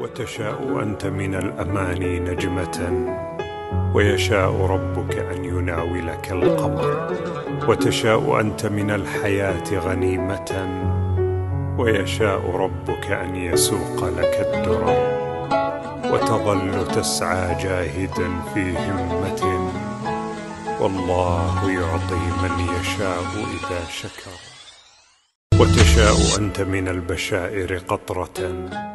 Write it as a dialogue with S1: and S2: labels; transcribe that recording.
S1: وتشاء أنت من الأماني نجمة ويشاء ربك أن يناولك القمر وتشاء أنت من الحياة غنيمة ويشاء ربك أن يسوق لك الدرر وتظل تسعى جاهدا في همة والله يعطي من يشاء إذا شكر
S2: وتشاء أنت من البشائر قطرة